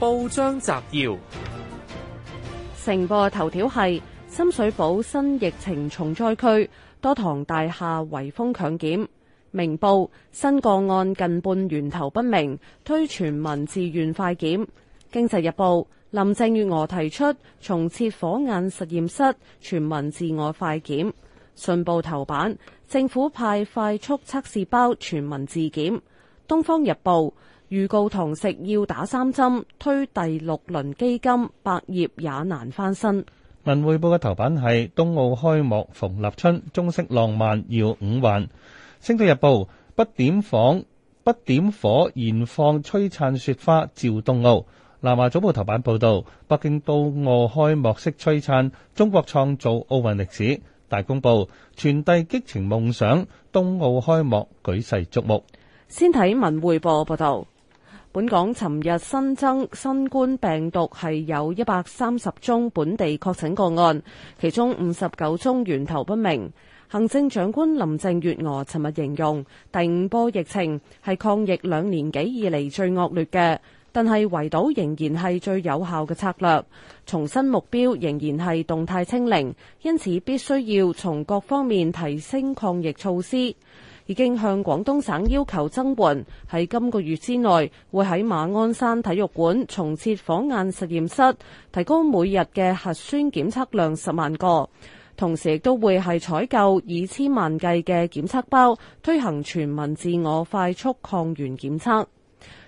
報章摘要：成報頭條係深水埗新疫情重災區，多幢大廈圍封強檢。明報，新個案近半源頭不明，推全民自願快檢。經濟日報，林鄭月娥提出重設火眼實驗室，全民自我快檢。信報頭版，政府派快速測試包，全民自檢。東方日報預告堂食要打三針，推第六輪基金，百業也難翻身。文匯報嘅頭版係冬奧開幕逢立春，中式浪漫要五環。星島日報，不點房不點火，燃放璀璨雪花照冬奧」。南華早報頭版報道：「北京冬奧開幕式璀璨，中國創造奧運歷史。大公報，傳遞激情夢想，冬奧開幕舉世矚目。先睇文匯報報道。本港尋日新增新冠病毒係有一百三十宗本地確診個案，其中五十九宗源頭不明。行政長官林鄭月娥尋日形容第五波疫情係抗疫兩年幾以嚟最惡劣嘅，但係圍堵仍然係最有效嘅策略。重申目標仍然係動態清零，因此必須要從各方面提升抗疫措施。已經向廣東省要求增援，喺今個月之內會喺馬鞍山體育館重設火眼實驗室，提高每日嘅核酸檢測量十萬個。同時亦都會係採購以千萬計嘅檢測包，推行全民自我快速抗原檢測。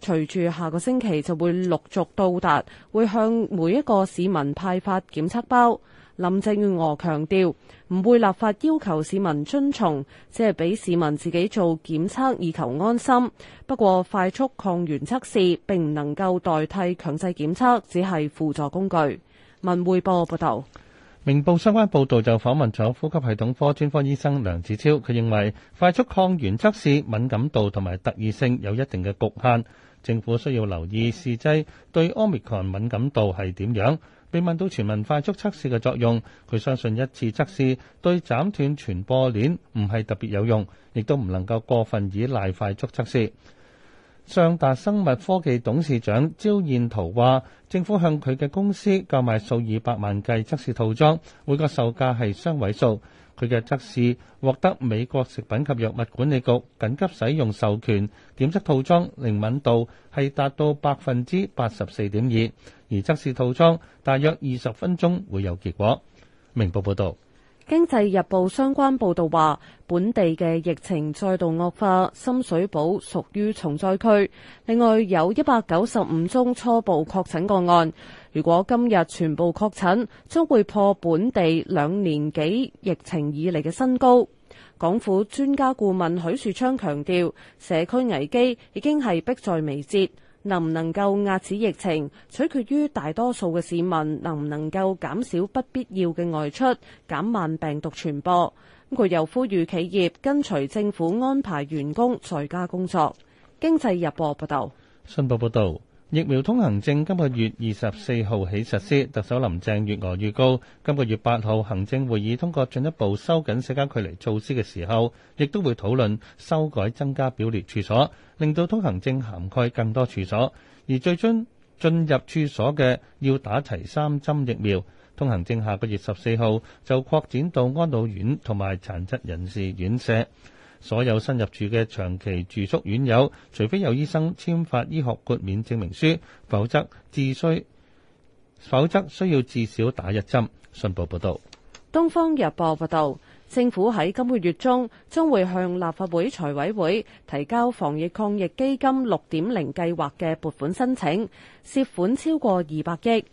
隨住下個星期就會陸續到達，會向每一個市民派發檢測包。林鄭月娥強調，唔會立法要求市民遵從，只係俾市民自己做檢測以求安心。不過，快速抗原測試並唔能夠代替強制檢測，只係輔助工具。文匯報報道，明報相關報道就訪問咗呼吸系統科專科醫生梁子超，佢認為快速抗原測試敏感度同埋特異性有一定嘅局限，政府需要留意試劑對 Omicron 敏感度係點樣。被問到全民快速測試嘅作用，佢相信一次測試對斬斷傳播鏈唔係特別有用，亦都唔能夠過分倚賴快速測試。上達生物科技董事長焦燕圖話，政府向佢嘅公司購買數以百萬計測試套裝，每個售價係雙位數。佢嘅測試獲得美國食品及藥物管理局緊急使用授權，檢測套裝靈敏度係達到百分之八十四點二，而測試套裝大約二十分鐘會有結果。明報報道：經濟日報相關報道話，本地嘅疫情再度惡化，深水埗屬於重災區，另外有一百九十五宗初步確診個案。如果今日全部確診將會破本地兩年幾疫情以嚟嘅新高。港府專家顧問許樹昌強調，社區危機已經係迫在眉睫，能唔能夠壓止疫情，取決於大多數嘅市民能唔能夠減少不必要嘅外出，減慢病毒傳播。咁佢又呼籲企業跟隨政府安排員工在家工作。經濟日報報道，新報報道。疫苗通行證今個月二十四號起實施，特首林鄭月娥預告，今個月八號行政會議通過進一步收緊社交距離措施嘅時候，亦都會討論修改增加表列處所，令到通行證涵蓋更多處所，而最終進入處所嘅要打齊三針疫苗。通行證下個月十四號就擴展到安老院同埋殘疾人士院舍。所有新入住嘅長期住宿院友，除非有醫生簽發醫學豁免證明書，否則至需，否則需要至少打一針。信報報導，東方日報報道：政府喺今個月中將會向立法會財委會提交防疫抗疫基金六點零計劃嘅撥款申請，涉款超過二百億。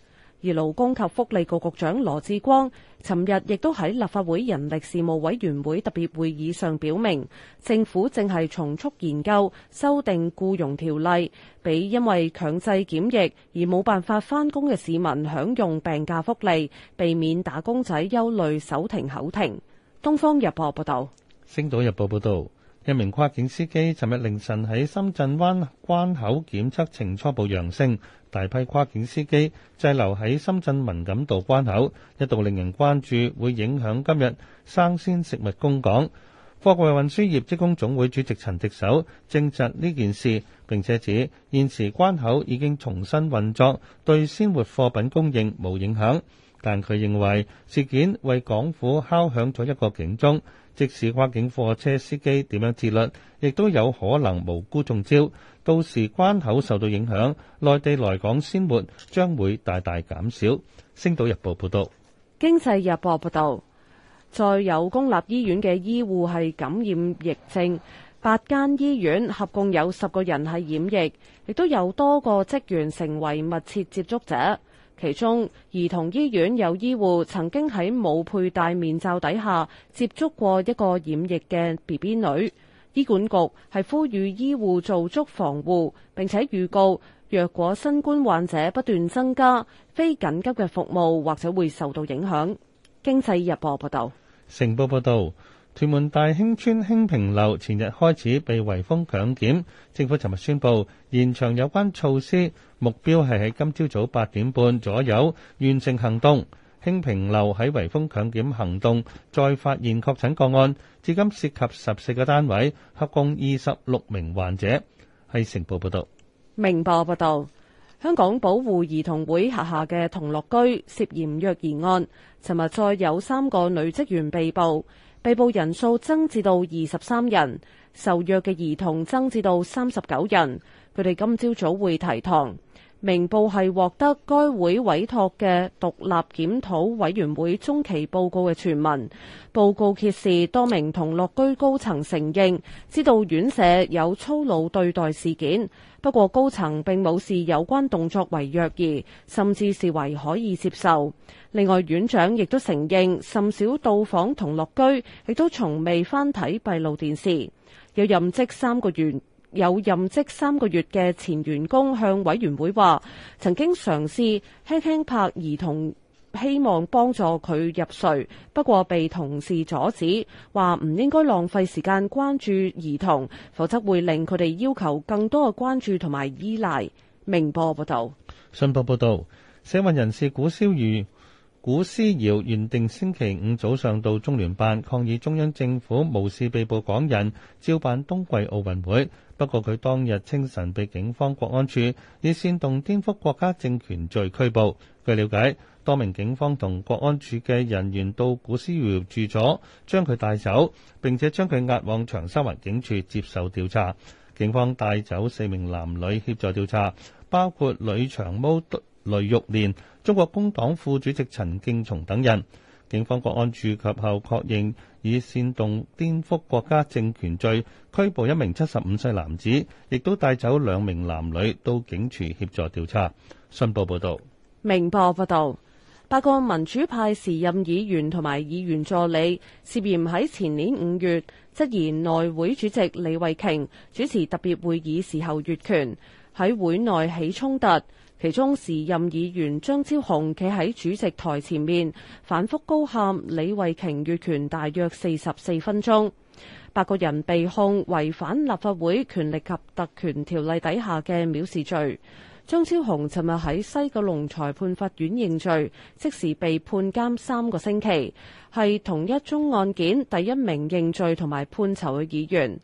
而勞工及福利局局長羅志光，尋日亦都喺立法會人力事務委員會特別會議上表明，政府正係從速研究修訂僱傭條例，俾因為強制檢疫而冇辦法翻工嘅市民享用病假福利，避免打工仔憂慮手停口停。東方日報報道，星島日報報道。一名跨境司機尋日凌晨喺深圳灣關口檢測呈初步陽性，大批跨境司機滯留喺深圳文錦渡關口，一度令人關注，會影響今日生鮮食物供港。貨櫃運輸業職工總會主席陳迪手，證實呢件事，並且指，現時關口已經重新運作，對鮮活貨品供應冇影響，但佢認為事件為港府敲響咗一個警鐘，即使跨境貨車司機點樣自律，亦都有可能無辜中招，到時關口受到影響，內地來港鮮活將會大大減少。星島日報報道。經濟日報報道。再有公立醫院嘅醫護係感染疫症，八間醫院合共有十個人係染疫，亦都有多個職員成為密切接觸者。其中，兒童醫院有醫護曾經喺冇佩戴面罩底下接觸過一個染疫嘅 BB 女。醫管局係呼籲醫護做足防護，並且預告若果新冠患者不斷增加，非緊急嘅服務或者會受到影響。經濟日報報道，成報報道。屯門大興村興平樓前日開始被圍封強檢，政府尋日宣布延長有關措施，目標係喺今朝早八點半左右完成行動。興平樓喺圍封強檢行動再發現確診個案，至今涉及十四個單位，合共二十六名患者。係成報報道，明報報道，香港保護兒童會轄下嘅同樂居涉嫌虐兒案，尋日再有三個女職員被捕。被捕人數增至到二十三人，受虐嘅兒童增至到三十九人。佢哋今朝早會提堂。明報係獲得該會委託嘅獨立檢討委員會中期報告嘅全文。報告揭示多名同樂居高層承認知道院舍有粗魯對待事件，不過高層並冇視有，有關動作為虐兒，甚至視為可以接受。另外，院長亦都承認，甚少到訪同樂居，亦都從未翻睇閉路電視。有任職三個月。有任職三個月嘅前員工向委員會話：曾經嘗試輕輕拍兒童，希望幫助佢入睡，不過被同事阻止，話唔應該浪費時間關注兒童，否則會令佢哋要求更多嘅關注同埋依賴。明報報道。信報報道，社運人士古思堯。古思堯原定星期五早上到中聯辦抗議中央政府無視被捕港人，照辦冬季奧運會。不過佢當日清晨被警方國安處以煽動顛覆國家政權罪拘捕。據了解，多名警方同國安處嘅人員到古思堯住咗，將佢帶走，並且將佢押往長沙灣警署接受調查。警方帶走四名男女協助調查，包括女長毛、雷玉蓮、中國工黨副主席陳敬松等人，警方國安處及後確認以煽動顛覆國家政權罪拘捕一名七十五歲男子，亦都帶走兩名男女到警署協助調查。信報報道，明報報道，八個民主派時任議員同埋議員助理涉嫌喺前年五月質疑內會主席李慧瓊主持特別會議時候越權。喺會內起衝突，其中時任議員張超雄企喺主席台前面，反覆高喊李慧瓊越權大約四十四分鐘。八個人被控違反立法會權力及特權條例底下嘅藐視罪。張超雄尋日喺西九龍裁判法院認罪，即時被判監三個星期，係同一宗案件第一名認罪同埋判囚嘅議員。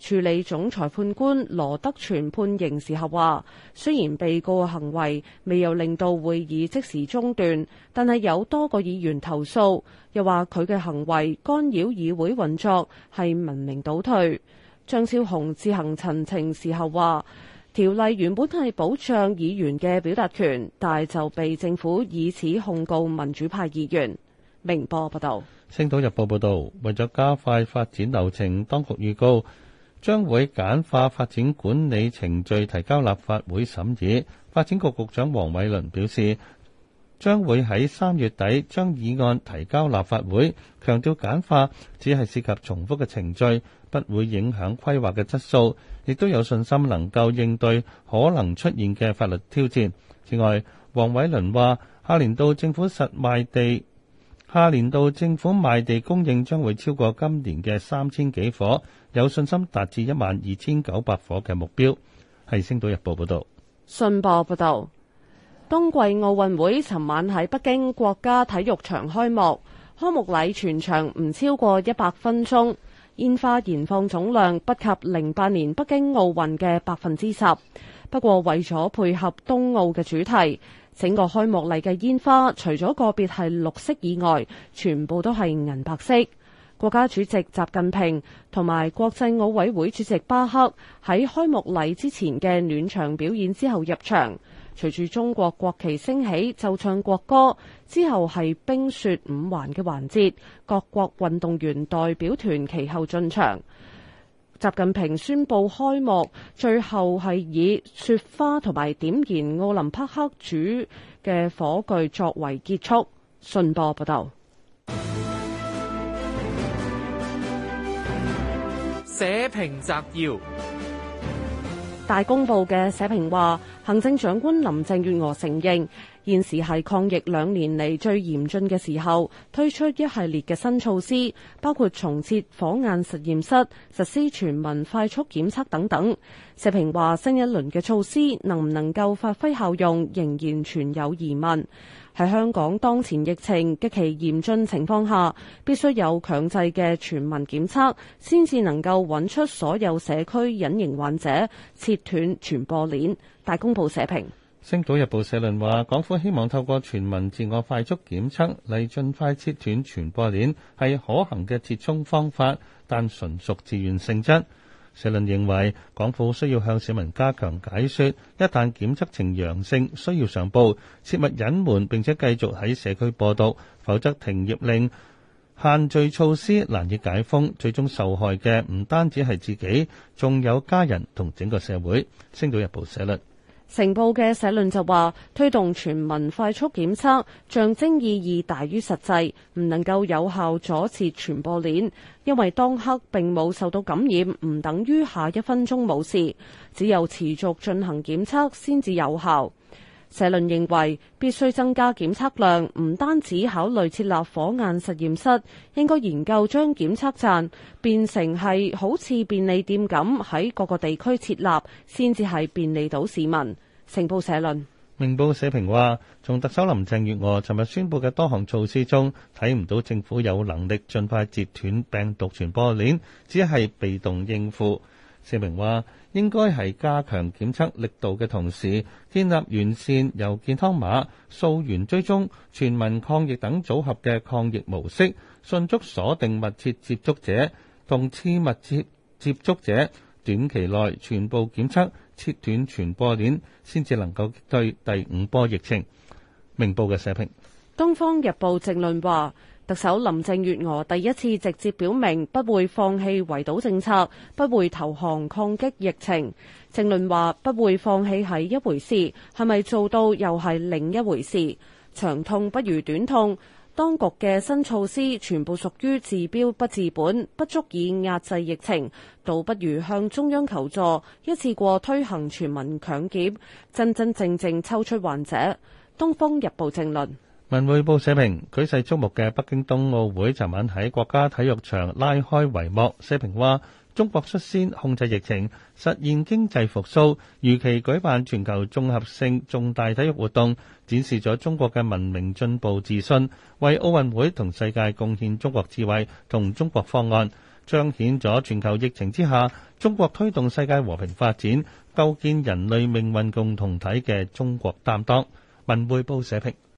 處理總裁判官羅德全判刑時候話，雖然被告嘅行為未有令到會議即時中斷，但係有多個議員投訴，又話佢嘅行為干擾議會運作係文明倒退。張超雄自行陳情時候話，條例原本係保障議員嘅表達權，但就被政府以此控告民主派議員。明報報道，《星島日報》報道，為咗加快發展流程，當局預告。將會簡化發展管理程序，提交立法會審議。發展局局長黃偉綸表示，三下年度政府賣地供應將會超過今年嘅三千幾伙，有信心達至一萬二千九百伙嘅目標。係《星島日報》報道，信報報道，冬季奧運會尋晚喺北京國家體育場開幕，開幕禮全場唔超過一百分鐘，煙花燃放總量不及零八年北京奧運嘅百分之十。不過為咗配合冬奧嘅主題。整個開幕禮嘅煙花，除咗個別係綠色以外，全部都係銀白色。國家主席習近平同埋國際奧委會主席巴克喺開幕禮之前嘅暖場表演之後入場，隨住中國國旗升起，奏唱國歌之後係冰雪五環嘅環節，各國運動員代表團其後進場。習近平宣佈開幕，最後係以雪花同埋點燃奧林匹克主嘅火炬作為結束。信報報道。社評摘要。大公報嘅社評話，行政長官林鄭月娥承認，現時係抗疫兩年嚟最嚴峻嘅時候，推出一系列嘅新措施，包括重設火眼實驗室、實施全民快速檢測等等。社評話，新一輪嘅措施能唔能夠發揮效用，仍然存有疑問。喺香港當前疫情極其嚴峻情況下，必須有強制嘅全民檢測，先至能夠揾出所有社區隱形患者，切斷傳播鏈。《大公報》社評。《星島日報》社論話，港府希望透過全民自我快速檢測嚟，盡快切斷傳播鏈，係可行嘅折衷方法，但純屬自願性質。社論認為，港府需要向市民加強解說，一旦檢測呈陽性，需要上報，切勿隱瞞並且繼續喺社區播毒，否則停業令限聚措施難以解封，最終受害嘅唔單止係自己，仲有家人同整個社會。星島日報社論。成報嘅社論就話，推動全民快速檢測，象徵意義大於實際，唔能夠有效阻截傳播鏈，因為當刻並冇受到感染，唔等於下一分鐘冇事，只有持續進行檢測先至有效。社論認為必須增加檢測量，唔單止考慮設立火眼實驗室，應該研究將檢測站變成係好似便利店咁喺各個地區設立，先至係便利到市民。成報社論。明報社評話，從特首林鄭月娥尋日宣布嘅多項措施中，睇唔到政府有能力盡快截斷病毒傳播鏈，只係被動應付。社評話，應該係加強檢測力度嘅同時，建立完善由健康碼、溯源追蹤、全民抗疫等組合嘅抗疫模式，迅速鎖定密切接觸者同次密切接觸者，短期內全部檢測，切斷傳播鏈，先至能夠對第五波疫情。明報嘅社評，《東方日報》評論話。特首林鄭月娥第一次直接表明不會放棄圍堵政策，不會投降抗擊疫情。政論話不會放棄係一回事，係咪做到又係另一回事？長痛不如短痛，當局嘅新措施全部屬於治標不治本，不足以壓制疫情，倒不如向中央求助，一次過推行全民強檢，真真正正抽出患者。《東方日報》政論。文匯報社評：舉世矚目嘅北京冬奧會，尋晚喺國家體育場拉開帷幕。社評話，中國率先控制疫情，實現經濟復甦，如期舉辦全球綜合性重大體育活動，展示咗中國嘅文明進步自信，為奧運會同世界貢獻中國智慧同中國方案，彰顯咗全球疫情之下中國推動世界和平發展、構建人類命運共同體嘅中國擔當。文匯報社評。